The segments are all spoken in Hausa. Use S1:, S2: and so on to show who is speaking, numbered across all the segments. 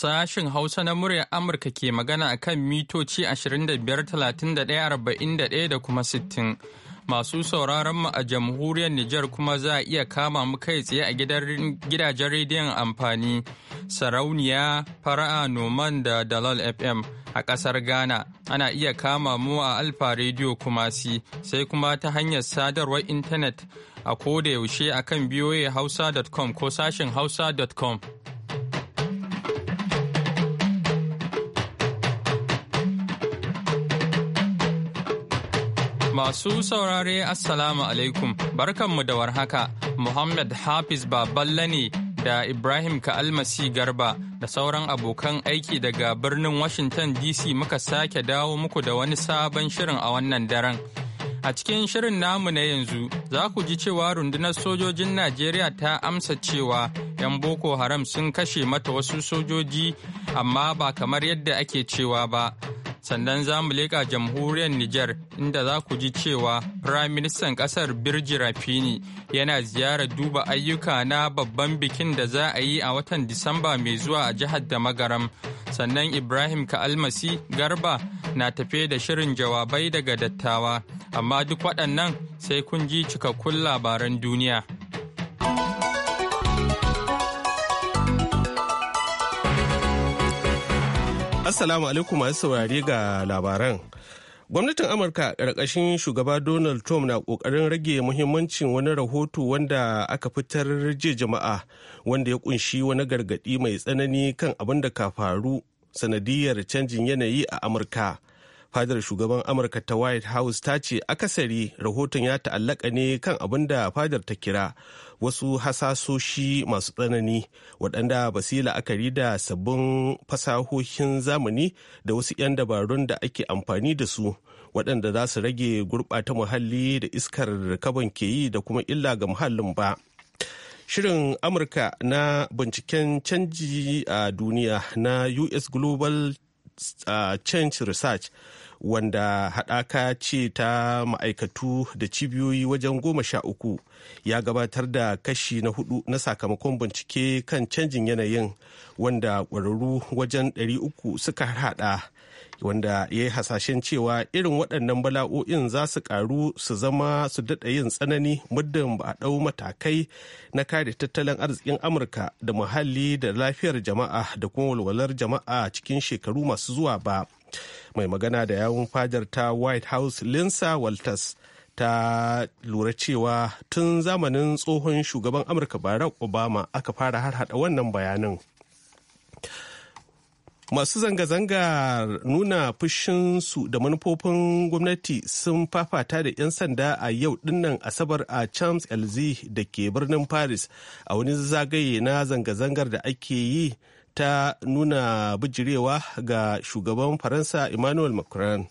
S1: sashen Hausa na murya Amurka ke magana a kan mitoci 25,31,41 da kuma 60. Masu sauraron mu a jamhuriyar Nijar kuma za a iya kama mu kai tsaye a gidajen rediyon amfani, sarauniya, fara'a, noman da dalal FM. a ƙasar Ghana. Ana iya kama mu a Alfa Radio Kumasi sai kuma ta hanyar sadarwar intanet a koda yaushe akan voahausa.com ko sashen hausa.com. Masu saurare Assalamu alaikum barkanmu da warhaka Muhammad Hafiz Baballe ne da Ibrahim Ka'almasi Garba da sauran abokan aiki daga birnin Washington DC muka sake dawo muku da wani sabon shirin a wannan daren. A cikin shirin namu na yanzu za ku ji cewa rundunar sojojin Najeriya ta amsa cewa 'yan Boko Haram sun kashe mata wasu sojoji amma ba kamar yadda ake cewa ba sannan za mu leƙa jamhuriyar Nijar inda za ku ji cewa Firayim Ministan ƙasar Birji Rafini yana ziyarar duba ayyuka na babban bikin da za a yi a watan Disamba mai zuwa a jihar da magaram. Sannan Ibrahim Ka'almasi Garba na tafe da shirin jawabai daga dattawa, amma duk waɗannan sai kun ji cikakkun labaran duniya.
S2: Assalamu alaikum masu saurari ga labaran. Gwamnatin Amurka ƙarƙashin shugaba Donald Trump na ƙoƙarin rage muhimmancin wani rahoto wanda aka fitar jiya jama'a wanda ya ƙunshi wani gargaɗi mai tsanani kan abin da ka faru sanadiyar canjin yanayi a Amurka. fadar shugaban amurka ta white house ta ce akasari rahoton ya ta'allaka ne kan abin da fadar ta kira wasu hasasoshi masu tsanani waɗanda ba yi la'akari da sabbin fasahohin zamani da wasu 'yan dabarun da ake amfani da su waɗanda za su rage gurɓata muhalli da iskar kaban ke yi da kuma illa ga muhallin ba shirin amurka na binciken canji a duniya na us global Uh, change research wanda haɗaka ce ta ma'aikatu da cibiyoyi wajen goma sha uku ya gabatar da kashi na hudu na sakamakon bincike kan canjin yanayin wanda ƙwararru wajen ɗari uku suka haɗa wanda ya yi hasashen cewa irin waɗannan bala'o'in za su karu su zama su daɗa yin tsanani muddin ba a ɗau matakai na kare tattalin arzikin amurka da muhalli da lafiyar jama'a da kuma walwalar jama'a cikin shekaru masu zuwa ba mai magana da yawun fadar ta white house linsa walters ta lura cewa tun zamanin tsohon shugaban amurka barack obama aka fara harhaɗa wannan bayanin masu zanga-zanga nuna fushinsu da manufofin gwamnati sun fafata da 'yan sanda a yau dinnan asabar a champs elzi da ke birnin paris a wani zagaye na zanga-zangar da ake yi ta nuna bijirewa ga shugaban faransa emmanuel macron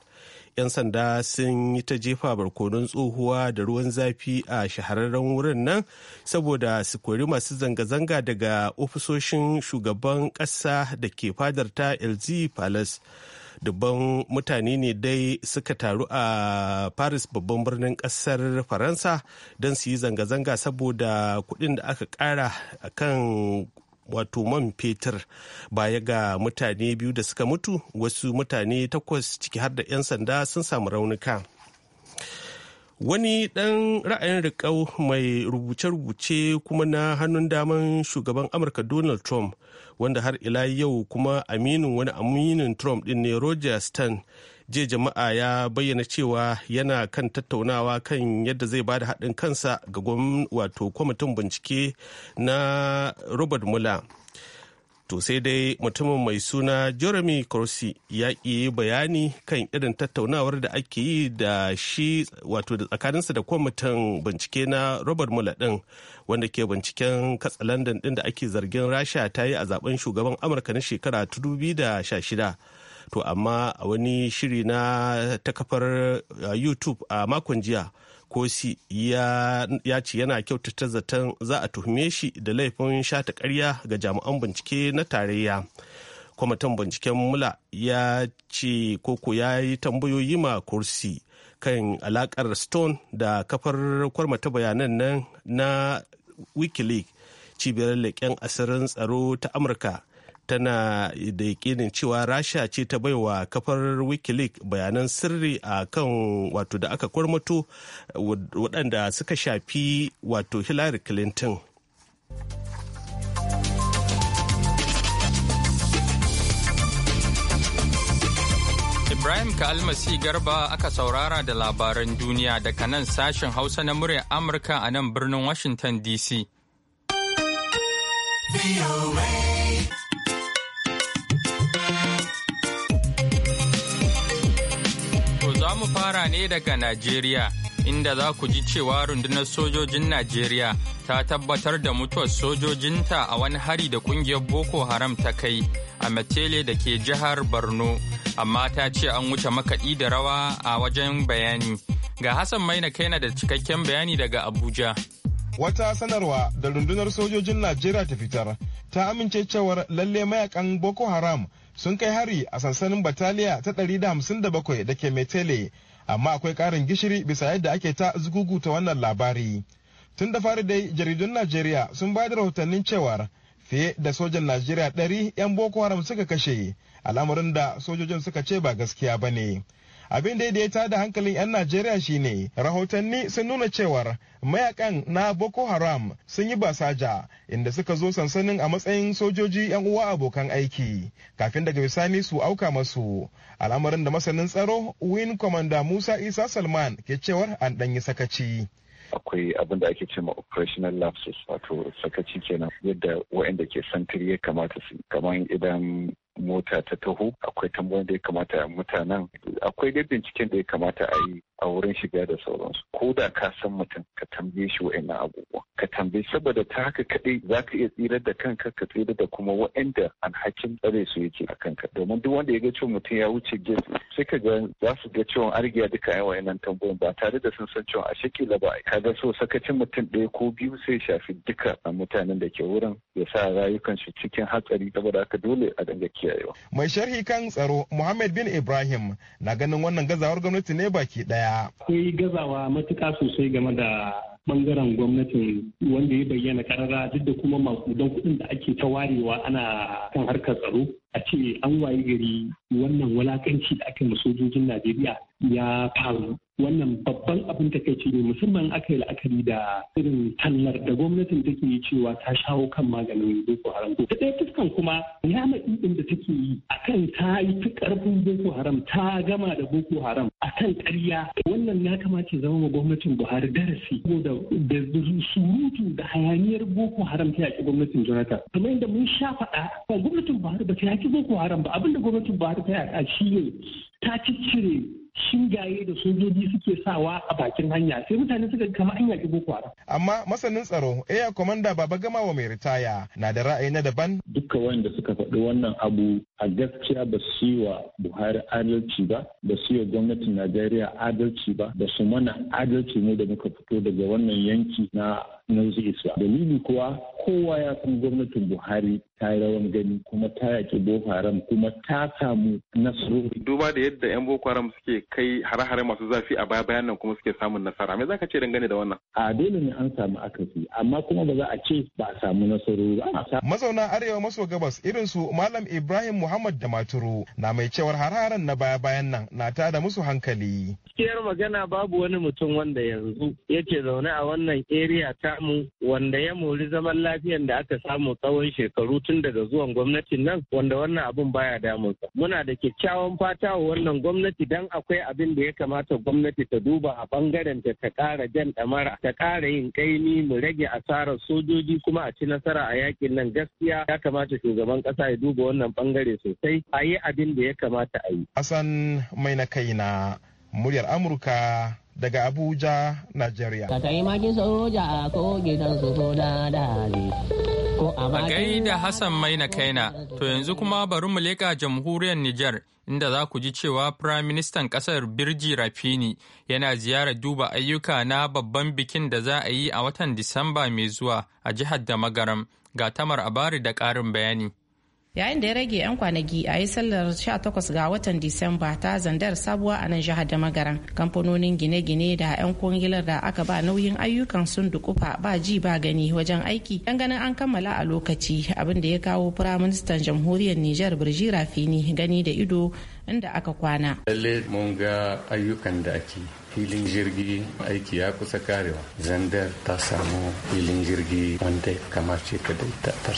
S2: 'yan sanda sun yi ta jefa barkonon tsohuwa da ruwan zafi a shahararren wurin nan saboda su kori masu zanga-zanga daga ofisoshin shugaban ƙasa da ke fadar ta LG Palace. dubban mutane ne dai suka taru a paris babban birnin kasar faransa don su yi zanga-zanga saboda kuɗin da aka ƙara kan wato man fetur baya ga mutane biyu da suka mutu wasu mutane takwas ciki har da 'yan sanda sun samu raunuka wani ɗan ra'ayin riƙau mai rubuce-rubuce kuma na hannun daman shugaban amurka donald trump wanda har ila yau kuma aminin wani aminin trump ɗin ne roger stone jiya jama'a ya bayyana cewa yana kan tattaunawa kan yadda zai bada haɗin kansa ga wato kwamitin bincike na robert muller to sai dai mutumin mai suna jeremy corsi ya yi bayani kan irin tattaunawar da ake yi da shi wato da tsakaninsa da kwamitin bincike na robert muller ɗin wanda ke binciken katsalandan ɗin da ake zargin rasha ta yi a zaben shugaban amurka na shekara 2016 to amma a wani shiri na ta kafar uh, youtube a makon jiya kosi ya ce yana kyautata zaton za a tuhume shi da laifin shata karya ga jami'an bincike na tarayya kwamitin binciken mula ya ce koko ya yi tambayoyi ma kursi kan alakar stone da kafar kwarmata bayanan nan na wikileaks cibiyar leƙen asirin tsaro ta amurka tana da yakinin cewa rasha ce ta bai wa kafar wikileaks bayanan sirri a kan wato da aka kwarmato waɗanda suka shafi wato hillary clinton
S1: Ibrahim Kalmasi Garba aka saurara da labaran duniya daga nan sashen Hausa na murya Amurka a nan birnin Washington DC. fara ne daga Najeriya, inda za ku ji cewa rundunar sojojin Najeriya ta tabbatar da mutuwar sojojinta a wani hari da kungiyar Boko Haram ta kai a Matele da ke jihar Borno, amma ta ce an wuce makaɗi da rawa a wajen bayani. Ga Hassan kai na da cikakken bayani daga Abuja.
S3: Wata sanarwa da rundunar sojojin Najeriya ta fitar ta amince cewar lalle mayakan Boko Haram sun kai hari a sansanin bataliya ta 157 da ke metele amma akwai ƙarin gishiri bisa yadda ake ta ta wannan labari tun da fari dai jaridun najeriya sun ba da rahotannin cewar fiye da sojan najeriya 100 'yan boko haram suka kashe al'amarin da sojojin suka ce ba gaskiya ba ne abin da ya tada hankalin 'yan najeriya shine rahotanni sun nuna cewar mayakan na boko haram sun yi basaja inda suka zo sansanin a matsayin sojoji 'yan uwa abokan aiki kafin daga bisani su auka masu al'amarin da masanin tsaro win commander musa isa salman ke cewar an ɗanyi sakaci
S4: akwai abin da ake cema operational lapses wato sakaci kenan yadda waɗanda ke santiri ya kamata su kamar idan mota ta taho akwai tambayoyin da ya kamata mutanen akwai dai binciken da ya kamata a yi a wurin shiga da sauransu ko da ka san mutum ka tambaye shi wa'annan abubuwa ka tambaye saboda ta haka kaɗai za ka iya tsirar da kanka ka tsira da kuma wa'anda alhakin tsare su yake a kanka domin duk wanda ya ga cewa mutum ya wuce gate sai ka ga za su ga cewa argiya duka yan wa'annan tambayoyin ba tare da sun san cewa a shakila ba ka ga so sakacin mutum ɗaya ko biyu sai shafi duka a mutanen da ke wurin ya sa rayukan shi cikin hatsari saboda haka dole a dinga kiyayewa.
S3: mai sharhi kan tsaro muhammad bin ibrahim na ganin wannan gazawar gwamnati ne baki ɗaya daya.
S4: Akwai gazawa matuƙa sosai game da bangaren gwamnatin wanda ya bayyana karara duk da kuma don kuɗin da ake ta warewa ana kan harkar tsaro a ce an wayi gari wannan wulakanci da ake ma sojojin Najeriya ya faru wannan babban abin takaici ne musamman aka yi la'akari da irin tallar da gwamnatin take yi cewa ta shawo kan maganin boko haram ta ɗaya fuskan kuma ya ɗin da take yi akan ta yi ta ƙarfin boko haram ta gama da boko haram akan ƙarya wannan ya kamata zama ma gwamnatin buhari darasi saboda da surutu da hayaniyar boko haram ta yaƙi gwamnatin jonathan kamar yadda mun sha faɗa gwamnatin buhari ba ta yaƙi boko haram ba abinda gwamnatin buhari ta yaƙa shi ne ta ciccire shingaye da sojoji suke sawa a bakin hanya sai mutane suka kama an yaki boko haram
S3: amma masanin tsaro air commander baba gama wa mai ritaya
S5: na da ra'ayi na daban duka wanda suka faɗi wannan abu a gaskiya ba su yi wa buhari adalci ba ba su yi wa gwamnatin najeriya adalci ba ba su mana adalci ne da muka fito daga wannan yanki na na wasu dalili kuwa kowa ya san gwamnatin buhari ta yi rawan gani kuma ta yaƙi boko haram kuma ta samu nasarori
S3: duba da yadda yan boko haram suke kai hare-hare masu zafi a baya bayan nan kuma suke samun
S5: nasara me ka ce dangane da wannan a dole ne an samu akasi amma kuma ba za a ce ba a samu nasarori ba
S3: mazauna arewa maso gabas irin su malam ibrahim muhammad da maturu na mai cewar hare-haren na baya bayan nan na ta da musu hankali
S5: kiyar magana babu wani mutum wanda yanzu yake zaune a wannan area ta samu wanda ya mori zaman lafiyan da aka samu tsawon shekaru tun daga zuwan gwamnatin nan wanda wannan abin baya damunsa. Muna da
S4: kyakkyawan fata wa wannan gwamnati dan akwai abin da ya kamata gwamnati ta duba a bangaren ta ta ƙara jan ɗamara ta kara yin kaini mu rage asarar sojoji kuma a ci nasara
S5: a yakin nan gaskiya ya kamata shugaban ƙasa ya duba wannan bangare sosai a yi abin da ya kamata a yi.
S3: Hassan mai na kaina muryar Amurka daga Abuja, Najeriya. Ka taimaki soja ko gidan su
S1: ko A gaida Hassan Maina Kaina, to yanzu kuma bari mu leƙa jamhuriyar Nijar, inda za ku ji cewa firaministan Ministan ƙasar Birji Rafini yana ziyarar duba ayyuka na babban bikin da za a yi a watan Disamba mai zuwa a jihar Damagaram, ga tamar abari da ƙarin bayani.
S6: yayin da ya rage 'yan kwanaki a yi sallar 18 ga watan disamba ta zandar sabuwa a nan jihar da magaran kamfanonin gine-gine da 'yan kungilar da aka ba nauyin ayyukan sun dukufa ba ji ba gani wajen aiki dan ganin an kammala a lokaci abin da ya kawo firaministan jamhuriyar nijar birji rafini gani da ido inda aka kwana
S7: lalle mun ga ayyukan da ake filin jirgi aiki ya kusa karewa zandar ta samu filin jirgi wanda ya kamace ta da ita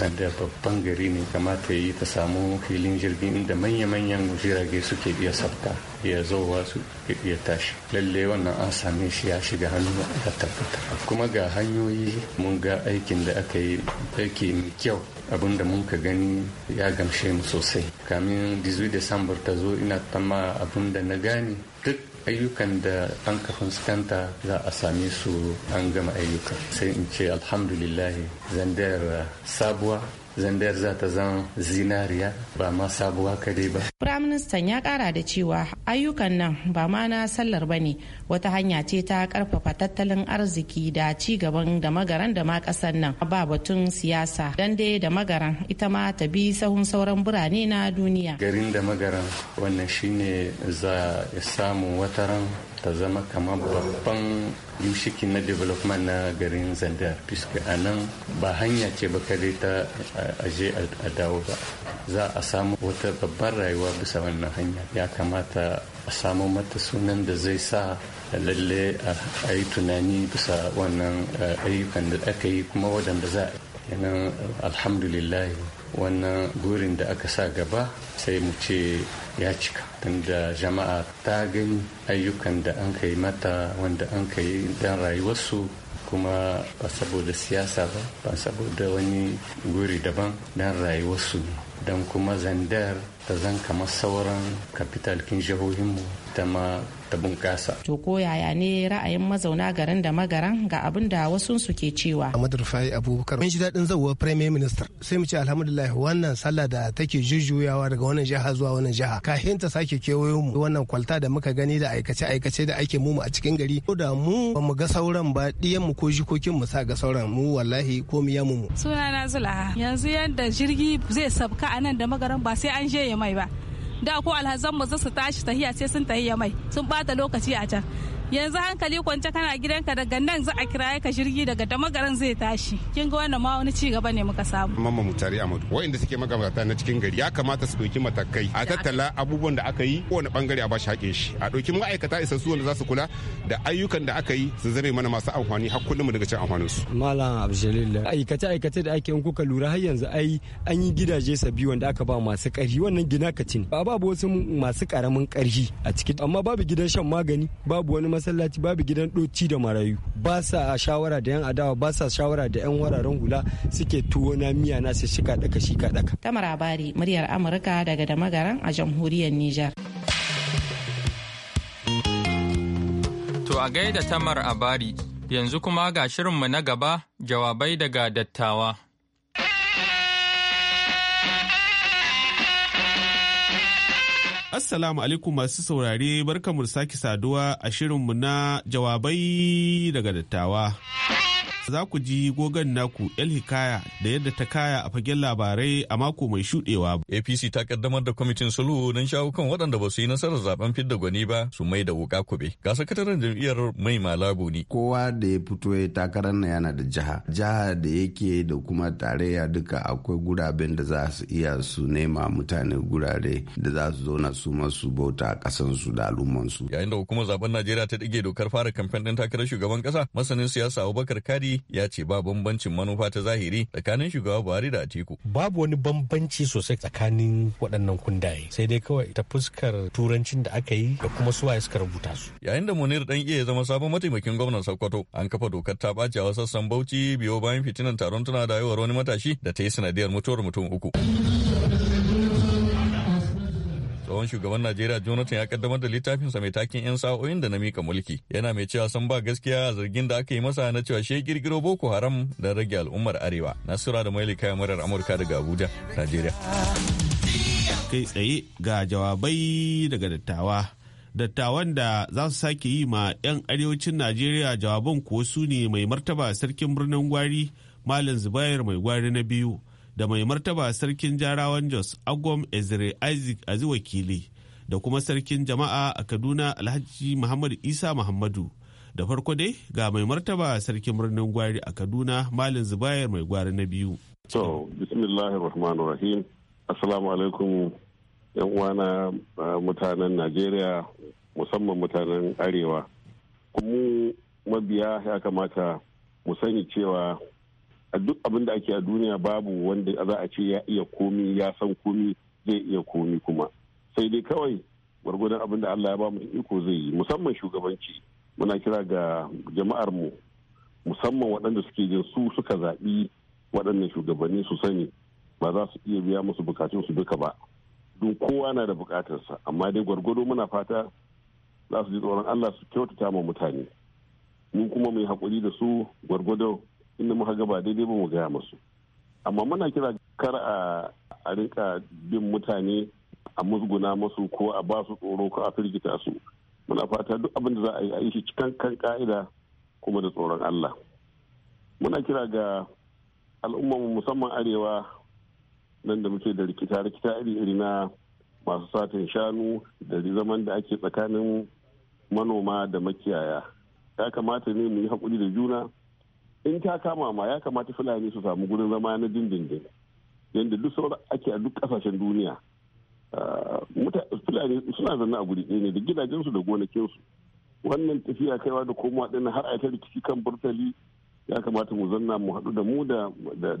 S7: zandar babban gari ne kamata yi ta samu filin jirgi inda manya-manyan jirage suke iya sabta ya zowa su iya tashi lalle wannan an same shi ya shiga hannu da tabbata kuma ga hanyoyi mun ga aikin da aka yi aiki mai kyau abin da mun ka gani ya gamshe mu sosai kamin 18 desambar ta zo ina tama abin da na gane duk ayyukan da an ka fuskanta za a same su an gama ayyuka. sai in ce alhamdulillah zandar sabuwa zandar za ta zan zinariya ba ma sabuwa kare ba.
S6: Firaministan ya kara da cewa ayyukan nan ba ma na sallar ba ne wata hanya ce ta karfafa tattalin arziki da ci gaban da magaran da ma kasar nan ba batun siyasa dan dai da magaran ita ma ta bi sahun sauran birane na duniya.
S7: Garin da magaran wannan shine za samu wataran ta zama kamar babban yushiki na development na garin zandar fiska a nan ba hanya ce ba kare ta aje a dawo ba za a samu wata babbar rayuwa bisa wannan hanya ya kamata a samu mata sunan da zai sa lalle a yi tunani bisa wannan eh, ayyukan da aka yi kuma waɗanda za a kenan alhamdulillah wannan gurin da aka sa gaba sai mu ce ya cika tunda jama'a ta gani ayyukan da an kai mata wanda an kai dan rayuwarsu kuma ba saboda siyasa ba ba saboda wani guri daban dan rayuwarsu don kuma zandar ta zan kamar sauran kapital kin jihohinmu ta ma ta bunƙasa.
S6: To ko yaya ne ra'ayin mazauna garin da magaran ga abin da wasu su ke cewa. Ahmad Rufai Abubakar mun ji daɗin
S2: zauwar Prime Minister sai mu ce alhamdulillah wannan sallah da take jujjuyawa daga wannan jiha zuwa wannan jiha kafin ta sake kewayo mu wannan kwalta da muka gani da aikace aikace da ake mu a cikin gari ko da mu ba mu ga sauran ba ɗiyan mu ko jikokin mu sa ga sauran mu wallahi ko mu ya mu.
S6: Sunana Zulaha yanzu yadda jirgi zai sabka a nan da magaran ba sai an je ya mai ba. da ko alhazan mu su tashi tahiya sai sun tahiya mai sun bata lokaci a can yanzu hankali kwance kana gidanka daga nan za a kiraye ka jirgi daga damagaran zai tashi kin ga wannan ma wani ci gaba ne muka samu
S3: mamma mutari amadu wa'inda suke magabata na cikin gari ya kamata su ɗauki matakai a tattala abubuwan da aka yi kowane bangare a ba shi shi a ɗauki ma'aikata su wanda za su kula da ayyukan da aka yi su zame mana masu amfani har kullum mu daga cin amfanin su
S8: malam abduljalil aikace aikace da ake in kuka lura har yanzu ai an yi gidaje sabi wanda aka ba masu ƙarfi wannan gina ka ba babu wasu masu ƙaramin ƙarfi a ciki amma babu gidan shan magani babu wani masallaci babu gidan doci da marayu ba sa shawara da yan adawa ba sa shawara da yan wararen hula suke tuwo na miya na su shika daka shika daka
S6: tamar abari muryar amurka daga damagaran a jamhuriyar niger
S8: to a
S1: gaida tamar abari yanzu kuma ga shirinmu na gaba jawabai daga dattawa
S2: Assalamu alaikum masu saurare barkamu sake saduwa a shirinmu na jawabai daga dattawa. Za ku ji gogon naku El Hikaya
S9: da yadda ta kaya a fagen labarai a mako mai shuɗewa. APC ta kaddamar da kwamitin sulhu don shawo kan waɗanda ba su yi nasarar zaben fidda gwani ba su mai da wuka kube. Ga sakataren jam'iyyar mai labu ne.
S10: Kowa da ya fito ya takarar na yana da jiha. Jiha da yake da kuma tarayya duka akwai guraben da za su iya su nema mutane gurare da za su zauna su masu bauta a ƙasarsu da al'ummansu.
S9: Yayin da hukumar zaben Najeriya ta dige dokar fara kamfen ɗin takarar shugaban ƙasa masanin siyasa Abubakar Kadi Buhari ya ce ba bambancin manufa ta zahiri tsakanin shugaba Buhari da Atiku.
S5: Babu wani bambanci sosai tsakanin waɗannan kundaye sai dai
S2: kawai ta fuskar turancin da aka yi da kuma suwa suka rubuta su.
S9: Yayin da Munir dan iya zama sabon mataimakin gwamnan Sokoto an kafa dokar ta ɓace a sassan Bauchi biyo bayan fitinan taron tana da wani matashi da ta yi sanadiyar mutuwar mutum uku. tsohon shugaban najeriya jonathan ya kaddamar da littafinsa mai takin 'yan sa'o'in da na mika mulki yana mai cewa san ba gaskiya a zargin da aka yi masa na cewa shi girgiro boko haram da rage al'ummar arewa nasura da maili kayan murar amurka daga abuja najeriya kai tsaye ga
S2: jawabai daga dattawa dattawan da za su sake yi ma 'yan arewacin najeriya jawaban kuwa su ne mai martaba sarkin birnin gwari malam zubair mai gwari na biyu da mai martaba sarkin jarawan jos agwam ezre isaac azi wakili da kuma sarkin jama'a a kaduna alhaji muhammad isa muhammadu da farko dai ga mai martaba sarkin birnin gwari a kaduna malin zubayar mai gwari na biyu
S10: to rahman rahim assalamu alaikum yan uwana mutanen najeriya musamman mutanen arewa kuma mabiya ya kamata mu sani cewa a duk abin da ake a duniya babu wanda za a ce ya iya komi ya san komi zai iya komi kuma sai dai kawai gwargwadon abin da Allah ya ba mu iko zai yi musamman shugabanci muna kira ga jama'ar mu musamman waɗanda suke jin su suka zaɓi waɗannan shugabanni su sani ba za su iya biya musu bukatun su duka ba don kowa na da bukatarsa amma dai gwargwado muna fata za su ji tsoron Allah su kyautata ma mutane mun kuma mai haƙuri da su gwargwado inda muka ga ba daidai ba mu gaya masu amma muna kira kar a rinka bin mutane a musguna masu ko a ba su tsoro ko a firgita su muna fata duk abin da za a yi a shi cikin kan ka'ida kuma da tsoron Allah muna kira ga al'ummar musamman arewa nan da muke da rikita rikita iri iri na masu satin shanu da zaman da ake tsakanin manoma da makiyaya ya kamata ne mu yi haƙuri da juna in ta kama ma ya kamata fulani su samu gurin zama na dindindin yadda duk sauran ake a duk kasashen duniya ah, fulani suna zanna a guri ne da gidajensu da gonakinsu wannan tafiya kaiwa da komawa din har a ta rikici kan burtali ya kamata mu zanna mu haɗu da mu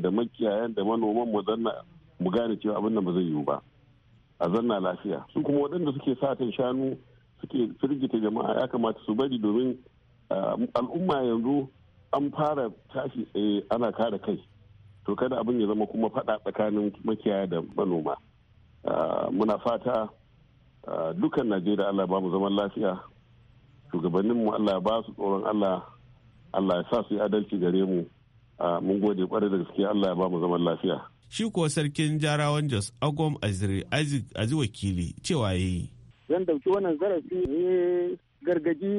S10: da makiyayan da manoman mu zanna mu gane cewa abin da ba zai yiwu ba a zanna lafiya su kuma waɗanda suke satan shanu suke firgita jama'a ya kamata su bari domin ah, al'umma yanzu an fara tashi tsaye ana kare kai to kada abin ya zama kuma faɗa tsakanin makiyaya da manoma ah, muna fata ah, dukan najeriya allah ba mu zaman lafiya shugabanninmu allah ba su tsoron allah allah ya sa su yi adalci gare mu ah, mun gode kwarai da gaske allah ya ba mu zaman lafiya
S2: shi kuwa sarkin jarawan jos agwam azir azi wakili cewa ya yi
S4: zan dauki wannan zarafi ne gargaji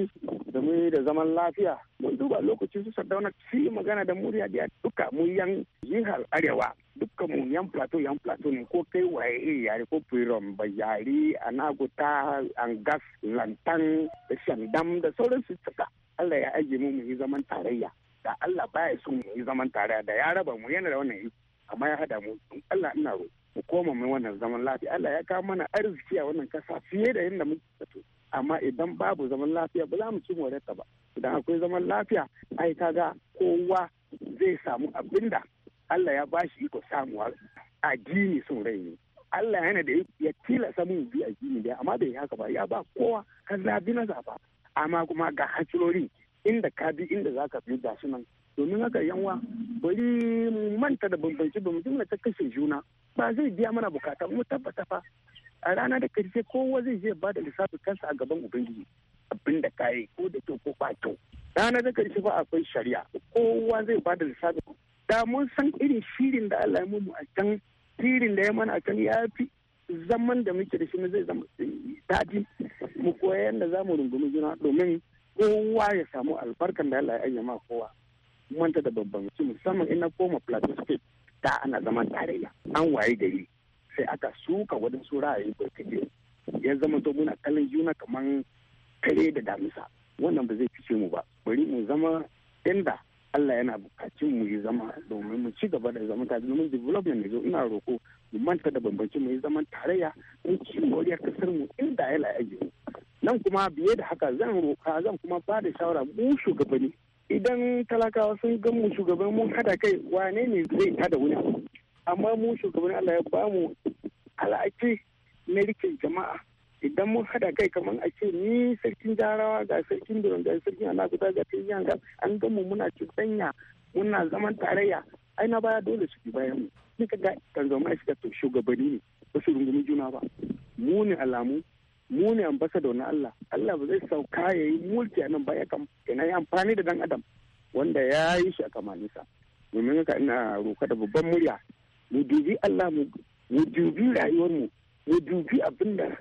S4: da mu da zaman lafiya mun duba lokaci su sardauna su yi magana da murya da duka mu yan jihar arewa duka mu yan plateau yan plateau ne ko kai waye iri eh, yare ko firon bayari anaguta angas lantan da shandam da su suka allah ya ajiye mu mu yi zaman tarayya da allah baya son mu yi zaman tarayya da ya raba mu yana da wannan amma ya hada mu Allah ina roƙo mu koma mai wannan zaman lafiya Allah ya kawo mana arziki a wannan kasa fiye da yadda muke zato amma idan babu zaman lafiya ba za mu ci ta ba idan akwai zaman lafiya ai ga kowa zai samu abinda Allah ya bashi iko samuwa addini sun rai ne Allah yana da ya tilasa mun bi addini da amma bai haka ba ya ba kowa ka zabi na zaba amma kuma ga hakirorin inda ka bi inda zaka bi ga nan domin haka yanwa bari mu manta da bambanci bambance na ta kashe juna ba zai biya mana bukata mu tabbata fa a rana da karshe kowa zai je ba da lissafi kansa a gaban ubangiji abin da kayi ko da to ko kwato rana da karshe ba akwai shari'a kowa zai ba da lissafi da mun san irin shirin da Allah ya mu a can shirin da ya mana a can ya fi zaman da muke da shi mu zai zama eh, dadi mu koya yadda za mu rungumi juna domin kowa ya samu albarkan da Allah ya ayyama kowa manta da babban musamman ina koma plateau da ana zaman tarayya an waye gari sai aka suka su ra'ayi barkace ya zama to muna kallon juna kaman kare da damisa wannan ba zai fice mu ba bari mu zama inda Allah yana bukacin mu yi zama domin mu ci gaba da zama tarayya domin development ne ina roko mu manta da bambanci mu yi zaman tarayya in ci moriyar kasar mu inda ya la'aji nan kuma biye da haka zan roka zan kuma ba da shawara mu shugabanni idan talakawa sun ga mu shugaban mun hada kai wane ne zai hada wani amma mu shugaban Allah ya bamu al'aki na rike jama'a idan mun hada kai kamar a ce ni sarkin jarawa ga sarkin duron ga sarkin guda ga sarkin yankan an ga mu muna cuɗanya muna zaman tarayya ai na baya dole su bi bayan mu ni ka ga tanzania shi shugabanni ne ba su rungumi juna ba mu ne alamu mu ne ambassador na Allah Allah ba zai sauka ya yi mulki a nan ba ya kam ina yi amfani da dan adam wanda ya yi shi a kamalinsa domin haka ina roka da babban murya mu dubi Allah mu mu dubi rayuwar mu mu dubi abin da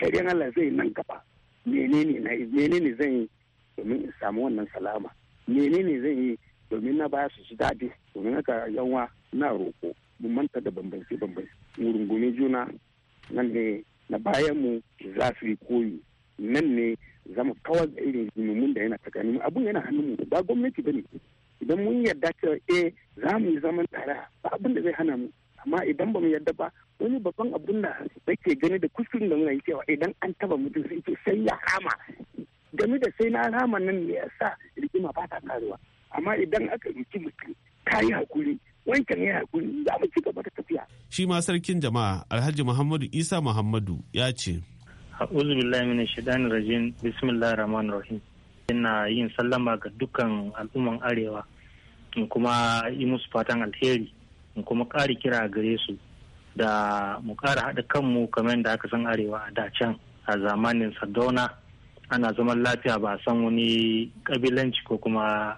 S4: shari'an Allah zai nan gaba menene na menene zan yi domin in samu wannan salama menene zan yi domin na baya su ji dadi domin haka yanwa na roko mu manta da bambanci bambanci mu rungume juna nan ne na mu za su yi koyi nan ne za mu kawar da irin rigimin da yana tsakanin abun yana mu ba gwamnati ba ne idan mun yarda cewa eh za mu yi zaman tare ba abin da zai hana mu amma idan ba mu yarda ba wani babban abun da nake gani da kuskin da muna yi cewa idan an taba mutum sai ce sai ya rama game da sai na rama nan ne ya sa rigima ba ta karuwa amma idan aka yi mutum ka yi hakuri wankan ya hakuri za mu ci gaba
S2: da tafiya. Shi ma sarkin jama'a Alhaji Muhammadu Isa Muhammadu ya ce.
S5: A'udhu billahi minash shaitanir rajim. Bismillahir rahmanir rahim. Ina yin sallama ga dukkan al'umman Arewa in kuma yi musu fatan alheri in kuma ƙari kira gare su da mu ƙara haɗa kanmu kamar da aka san Arewa a da can a zamanin Sardauna ana zaman lafiya ba a san wani ƙabilanci ko kuma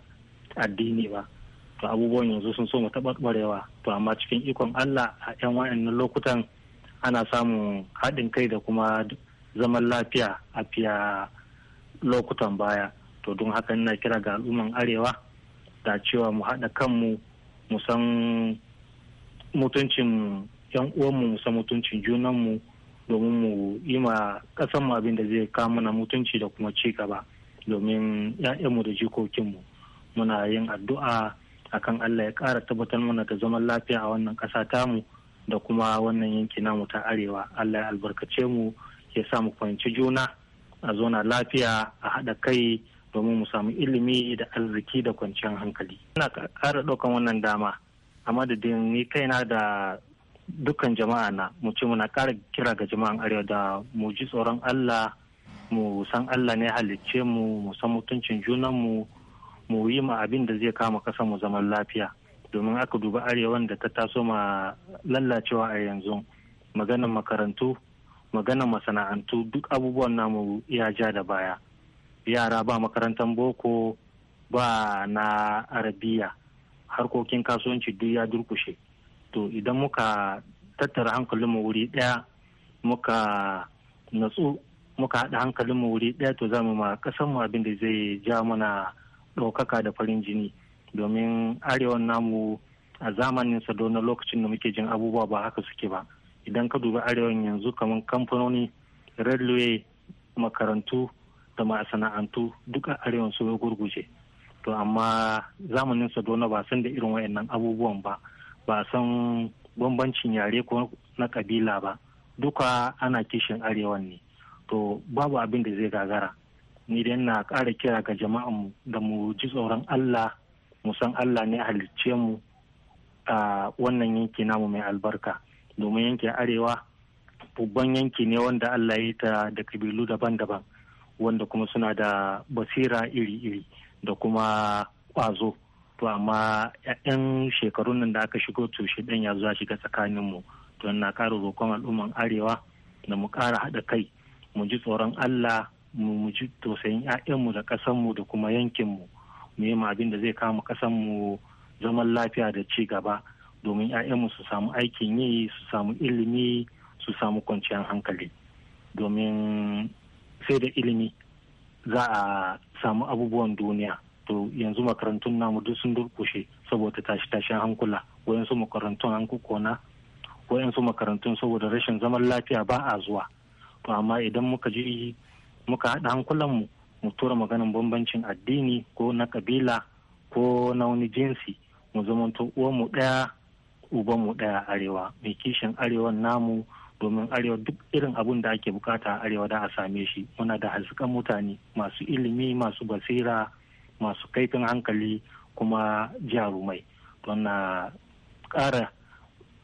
S5: addini ba. to abubuwan yanzu sun so mu barewa to amma cikin ikon allah a 'yan wa'annan lokutan ana samun haɗin kai da kuma zaman lafiya a fiya lokutan baya to don haka ina kira ga al'umman arewa da cewa mu haɗa kanmu mu san mutuncin yan uwanmu mu san mutuncin junanmu domin mu yi ma mu abin da zai kawo na mutunci da kuma ci gaba domin 'ya'yanmu da jikokinmu muna yin addu'a akan Allah ya ƙara tabbatar mana da zaman lafiya a wannan ƙasa tamu da kuma wannan yanki namu ta arewa Allah ya albarkace mu ya sa mu kwanci juna a zona lafiya a haɗa kai domin mu samu ilimi da arziki da kwanciyar hankali ina ƙara ɗaukan wannan dama a madadin ni kaina da dukkan jama'a na mu ce muna ƙara kira ga jama'an arewa da mu ji tsoron Allah mu san Allah ne halicce mu mu san mutuncin junan mu mu yi ma abin da zai kama kasa mu zaman lafiya domin aka duba arewa da ta taso ma lallacewa a yanzu maganan makarantu maganan masana'antu duk abubuwan namu ya ja da baya yara ba makarantar boko ba na arabiya harkokin kasuwanci duk ya durkushe to idan muka tattara hankalinmu wuri daya muka natsu muka haɗa hankalinmu wuri daya to za mu ma ƙasar mu abin da zai ja mana ɗaukaka da farin jini domin arewan namu a zamanin sa na lokacin da muke jin abubuwa ba haka suke ba idan ka dubi arewan yanzu kamar kamfanoni railway makarantu da masana'antu duka a arewan su gurguje to amma zamanin sadona ba san da irin wayannan abubuwan ba ba san bambancin yare ko na kabila ba duka ana kishin arewa ne to babu abin da zai gagara ni dai na ƙara kira ga jama'anmu da mu ji tsoron Allah mu san Allah ne halicce mu a wannan yanki namu mai albarka domin yankin arewa babban yanki ne wanda Allah ya ta da kabilu daban-daban wanda kuma suna da basira iri-iri da kuma ƙwazo to amma 'yan shekarun nan da aka shigo to shi ya zo shiga tsakaninmu to na ƙara roƙon al'umman arewa da mu kara haɗa kai mu ji tsoron Allah mu ji tausayin 'ya'yanmu da ƙasanmu da kuma yankinmu mu yi abin da zai kama ƙasanmu zaman lafiya da ci gaba domin 'ya'yanmu su samu aikin yi su samu ilimi su samu kwanciyar hankali domin sai da ilimi za a samu abubuwan duniya to yanzu makarantun namu duk sun durkushe saboda tashi-tashin hankula wayansu makarantun an kukona wayansu makarantun saboda rashin zaman lafiya ba a zuwa to amma idan muka ji muka haɗa hankulan mu tura maganin bambancin addini ko na kabila ko na wani jinsi mu zamanto uwanmu ɗaya ubanmu ɗaya arewa mai kishin arewan namu domin arewa duk irin abun da ake bukata a arewa da a same shi muna da hasken mutane masu ilimi masu basira masu kaifin hankali kuma jarumai don na ƙara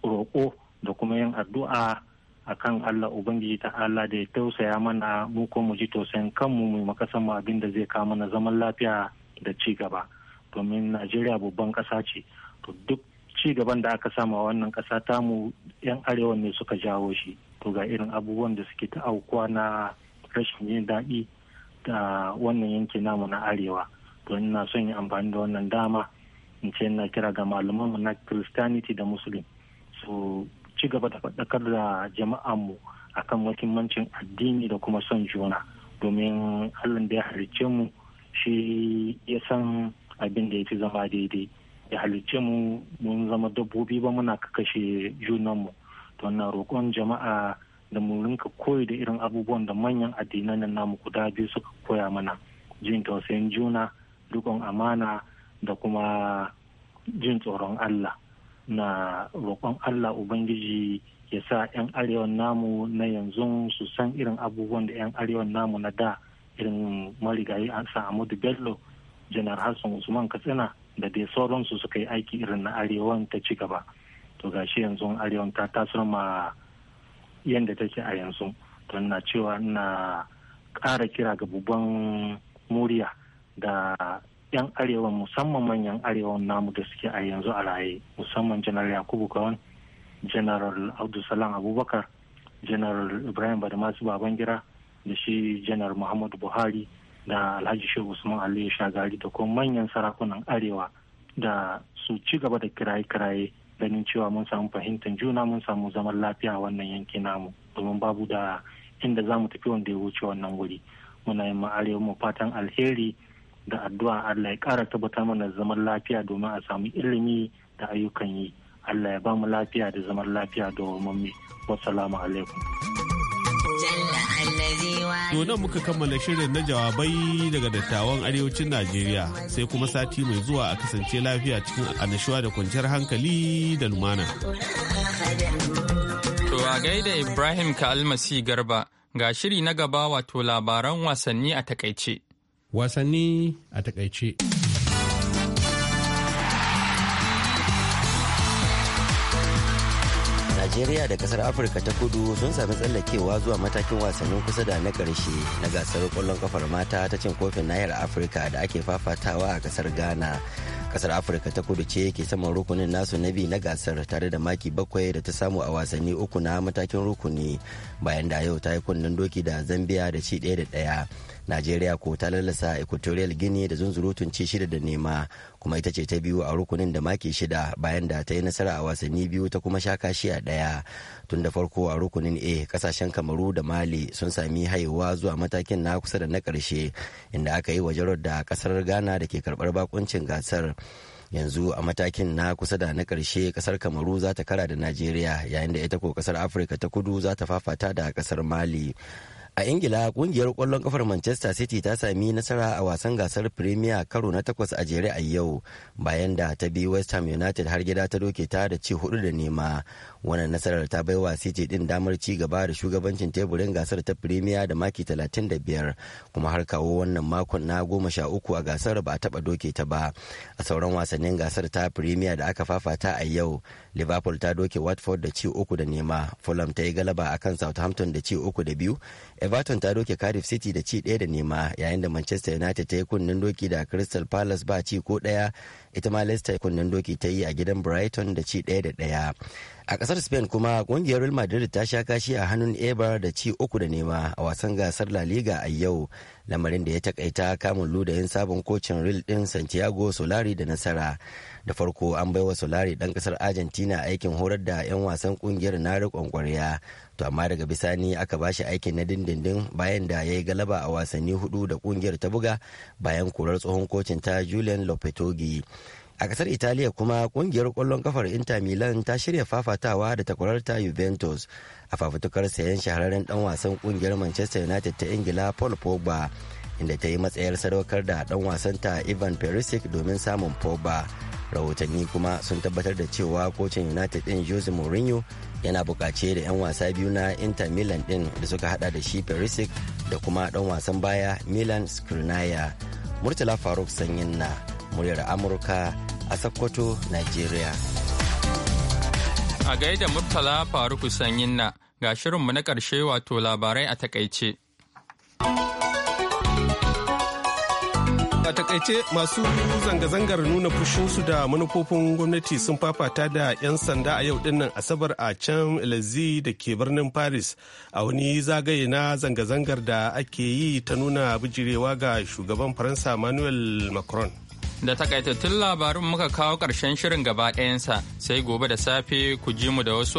S5: roƙo da kuma yin addu'a kan Allah Ubangiji ta Allah da ya tausaya mana mu ko mu ji tausayin kanmu mu makasan mu abin da zai kawo mana zaman lafiya da ci gaba domin Najeriya babban ƙasa ce to duk ci gaban da aka sama wannan ƙasa mu yan arewa ne suka jawo shi to ga irin abubuwan da suke ta aukuwa na rashin yin daɗi da wannan yanki namu na arewa to ina son yi amfani da wannan dama in ce na kira ga malaman na Christianity da Muslim so ci gaba da faɗakar da jama'anmu kan muhimmancin addini da kuma son juna domin allah da ya halicce mu shi ya san abin da ya fi zama daidai ya halicce mu mun zama dabbobi ba muna kakashe junanmu to na roƙon jama'a da mu rinka koyi da irin abubuwan da manyan addinan namu guda biyu suka koya mana jin tausayin juna rikon amana da kuma jin tsoron Allah na roƙon allah ubangiji ya sa 'yan arewan namu na yanzu su san irin abubuwan da 'yan arewan namu na da irin marigayi a an Amadu bello janar hassan usman katsina da dai sauransu suka yi aiki irin na arewan ta ci gaba to gashi yanzu arewa ta tasar ma yadda take a yanzu to na cewa na ƙara kira ga buban muriya da 'yan arewa musamman manyan arewa namu da suke a yanzu a raye musamman janar yakubu gawan general abdulsalam abubakar janar ibrahim badamasu babangira da shi janar muhammadu buhari da alhaji shehu usman aliyu shagari da kuma manyan sarakunan arewa da su ci gaba da kiraye-kiraye ganin cewa mun samu fahimtar juna mun samu zaman lafiya wannan yanki namu domin babu da inda za mu tafi wanda ya wuce wannan wuri muna yin arewa mu fatan alheri da addu'a Allah ya ƙara tabbata mana zaman lafiya domin a samu ilimi da ayyukan yi Allah ya ba mu lafiya da zaman lafiya da wamman salamu alaikum
S6: To
S2: nan muka kammala shirin na jawabai daga dattawan arewacin Najeriya sai kuma sati mai zuwa a kasance lafiya cikin annashuwa da kwanciyar hankali da lumana.
S1: To a gaida Ibrahim kalmasi Garba ga shiri na gaba wato labaran wasanni a takaice. wasanni a takaice.
S8: najeriya da kasar afirka ta kudu sun sami tsallakewa zuwa matakin wasannin kusa da na karshe na gasar kwallon kafar mata ta cin kofin nahiyar afirka da ake fafatawa a kasar ghana kasar afirka ta kudu ce ke saman rukunin nasu na biyu na gasar tare da maki bakwai da ta samu a wasanni uku na matakin rukuni bayan da yau ta yi kunnen doki da zambia da ci ɗaya da ɗaya najeriya ko ta lalasa equatorial guinea da zunzurutun ci shida da nema kuma ita ce ta biyu a rukunin da maki shida bayan da ta yi nasara a wasanni biyu ta kuma sha kashi a ɗaya tun da farko a rukunin a kasashen kamaru da mali sun sami haihuwa zuwa matakin na kusa da na karshe inda aka yi wa jarar da kasar ghana da ke karbar bakuncin gasar yanzu a matakin na kusa da na karshe kasar kamaru za ta kara da najeriya yayin da ita ko kasar afirka ta kudu za ta fafata da kasar mali A Ingila kungiyar kwallon kafar Manchester City ta sami nasara a wasan gasar Premier karo na takwas a jere a yau bayan da ta bi West Ham United har gida ta doke ta da ci hudu da nema. Wannan nasarar ta baiwa City din damar ci gaba da shugabancin teburin gasar ta Premier da maki 35 kuma har kawo wannan makon na goma sha uku a gasar ba a taba doke ta ba. A sauran wasannin gasar ta Premier da aka fafata a yau Liverpool ta doke Watford da ci uku da nema Fulham ta yi galaba akan Southampton da ci uku da biyu everton ta doke cardiff city da ci ɗaya da nema yayin da manchester united ta yi kunnen doki da crystal palace ba ci ko ɗaya ita ma leicester kunnen doki ta yi a gidan brighton da ci ɗaya da ɗaya a ƙasar spain kuma ƙungiyar real madrid ta sha kashi a hannun ebar da ci uku da nema a wasan gasar la liga a yau lamarin da ya takaita kamun ludayin sabon kocin real din santiago solari da nasara da farko an bai wa solari dan ƙasar argentina aikin horar da 'yan wasan ƙungiyar na riƙon ƙwarya to amma daga bisani aka ba shi aikin na dindindin bayan da ya yi galaba a wasanni hudu da ƙungiyar ta buga bayan korar tsohon kocin ta julian lopetogi a kasar italiya kuma kungiyar kwallon kafar inter milan ta shirya fafatawa da takwararta juventus a fafutukar sayan shahararren dan wasan kungiyar manchester united ta ingila paul pogba inda ta yi matsayar sadaukar da dan ta ivan perisic domin samun pogba rahotanni kuma sun tabbatar da cewa kocin united din jose mourinho yana bukace da 'yan wasa biyu na inter milan din da suka hada da shi perisic da kuma dan wasan baya milan skriniar murtala faruk sanyin na muryar Amurka a Sokoto, Najeriya.
S1: A gaida Murtala Faruku Sanyin na ga shirinmu na ƙarshe wato labarai a takaice.
S2: A takaice masu zanga-zangar nuna fushinsu da manufofin gwamnati sun fafata da 'yan sanda a yau dinnan Asabar a can Elize da ke birnin Paris a wani zagaye na zanga-zangar da ake yi ta nuna bijirewa ga shugaban Faransa Manuel Macron.
S1: Da takaitattun labarin muka kawo ƙarshen shirin gaba ɗayansa sai gobe da safe ku ji mu da wasu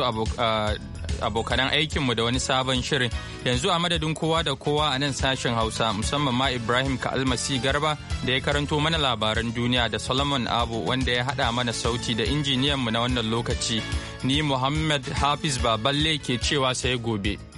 S1: abokanan aikinmu da wani sabon shirin. Yanzu a madadin kowa da kowa a nan sashen Hausa musamman ma Ibrahim ka almasi Garba da ya karanto mana labaran duniya da Solomon Abu wanda ya haɗa mana sauti da injiniyanmu na wannan lokaci. Ni Muhammad Hafiz Baballe ke cewa sai gobe.